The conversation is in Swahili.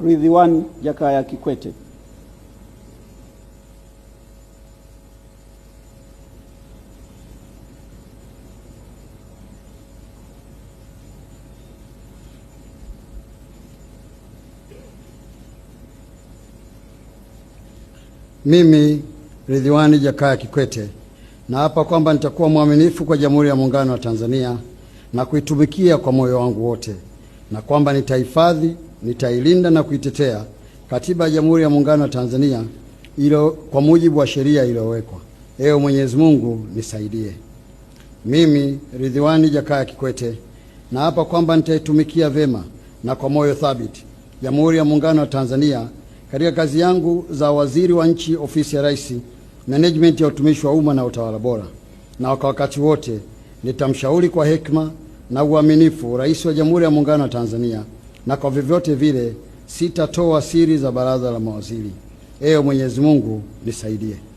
Ridhiwani Jakaya Kikwete. Mimi Ridhiwani Jakaya Kikwete naapa kwamba nitakuwa mwaminifu kwa Jamhuri ya Muungano wa Tanzania na kuitumikia kwa moyo wangu wote na kwamba nitahifadhi nitailinda na kuitetea Katiba ya Jamhuri ya Muungano wa Tanzania ilo, kwa mujibu wa sheria iliyowekwa. Ewe Mwenyezi Mungu nisaidie. Mimi Ridhiwani Jakaya Kikwete na hapa kwamba nitaitumikia vema na kwa moyo thabiti Jamhuri ya Muungano wa Tanzania katika kazi yangu za waziri wa nchi, ofisi ya Rais, management ya utumishi wa umma na utawala bora, na kwa wakati wote nitamshauri kwa hekima na uaminifu Rais wa Jamhuri ya Muungano wa Tanzania na kwa vyovyote vile sitatoa siri za baraza la mawaziri. Ewe Mwenyezi Mungu nisaidie.